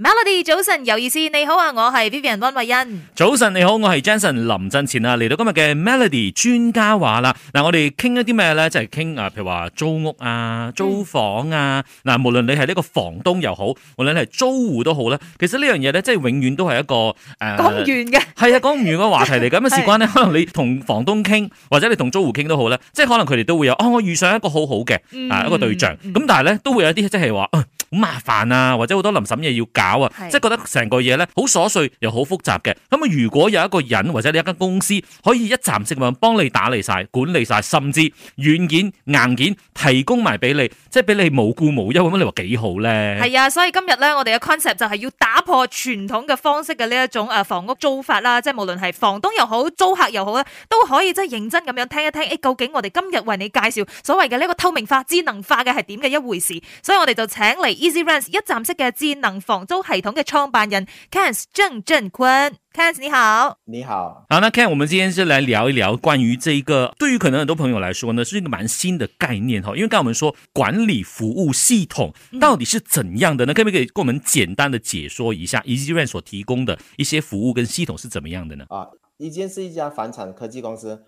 Melody，早晨有意思，你好啊，我係 Vivian 溫慧欣。早晨你好，我係 Jason 林振前啊，嚟到今日嘅 Melody 專家話啦。嗱，我哋傾一啲咩咧？就係傾啊，譬如話租屋啊、租房啊。嗱、嗯，無論你係呢個房東又好，無論你係租戶都好咧，其實呢樣嘢咧，即係永遠都係一個誒，講唔完嘅。係啊，講唔完嘅話題嚟。咁啊，事關咧，可能你同房東傾， 或者你同租戶傾都好呢，即係可能佢哋都會有。哦，我遇上一個好好嘅、嗯、啊，一個對象。咁、嗯嗯、但係咧，都會有一啲即係話。好麻煩啊，或者好多臨審嘢，要搞啊，即係覺得成個嘢呢，好瑣碎又好複雜嘅。咁啊，如果有一個人或者你一間公司可以一站式咁樣幫你打理晒、管理晒，甚至軟件硬件提供埋俾你，即係俾你無故無憂，咁你話幾好呢？係啊，所以今日呢，我哋嘅 concept 就係要打破傳統嘅方式嘅呢一種誒房屋租法啦，即係無論係房東又好、租客又好咧，都可以即係認真咁樣聽一聽誒，究竟我哋今日為你介紹所謂嘅呢個透明化、智能化嘅係點嘅一回事？所以我哋就請嚟。EasyRent 一站式嘅智能房租系統嘅創辦人 Kent 鄭振坤，Kent 你好，你好，好，那 Kent，我們今天就來聊一聊關於這一個，對於可能很多朋友來說呢，是一個蠻新的概念哈，因為剛才我們說管理服務系統到底是怎樣的呢，那、嗯、可以不可以給我們簡單的解說一下、嗯、EasyRenz 所提供的一些服務跟系統是怎麼樣的呢？啊，EasyRenz 是一家房產科技公司。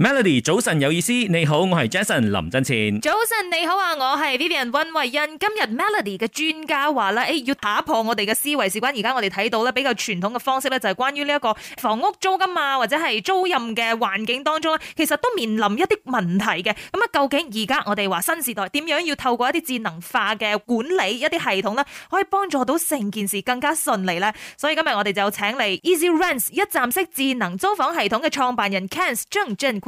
Melody 早晨有意思，你好，我係 Jason 林振前。早晨你好啊，我係 Vivian 溫慧欣。今日 Melody 嘅專家話咧，誒要打破我哋嘅思維，事關而家我哋睇到咧比較傳統嘅方式咧，就係關於呢一個房屋租金啊或者係租賃嘅環境當中咧，其實都面臨一啲問題嘅。咁啊，究竟而家我哋話新時代點樣要透過一啲智能化嘅管理一啲系統咧，可以幫助到成件事更加順利咧？所以今日我哋就請嚟 EasyRenz 一站式智能租房系統嘅創辦人 Kent 鄭振坤。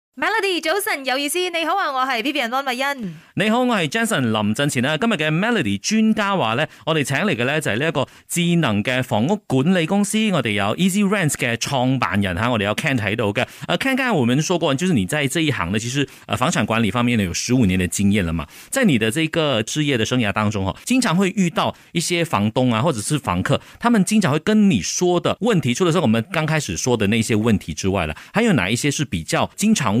Melody 早晨有意思，你好啊，我係 Vivian 安麗欣。你好，我係 Jason 林振前啦。今日嘅 Melody 專家話咧，我哋請嚟嘅咧就係呢一個智能嘅房屋管理公司，我哋有 EasyRenz 嘅創辦人吓，我哋有 Kent 喺度嘅。阿 Kent，剛才我們說過，就是你在這一行呢，其實誒，房產管理方面呢，有十五年的經驗了嘛。在你的這個職業的生涯當中，哦，經常會遇到一些房東啊，或者是房客，他們經常會跟你說的問題，除了說我們剛開始說的那些問題之外啦，還有哪一些是比較經常？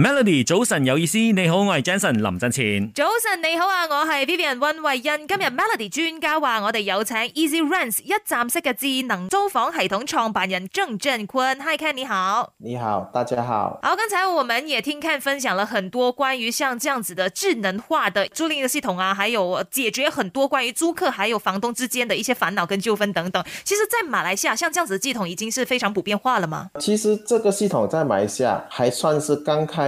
Melody 早晨有意思，你好，我係 Jason 林振前。早晨你好啊，我係 Vivian 溫慧欣。今日 Melody 專家話我哋有請 EasyRenz 一站式嘅智能租房系統創辦人鄭振坤。Hi Kent 你好。你好，大家好。好，剛才我們也聽 Kent 分享了很多關於像這樣子的智能化的租賃嘅系統啊，還有解決很多關於租客還有房東之間的一些煩惱跟糾紛等等。其實，在馬來西亞，像這樣子嘅系統已經是非常普遍化啦嘛。其實，這個系統在馬來西亞還算是剛開。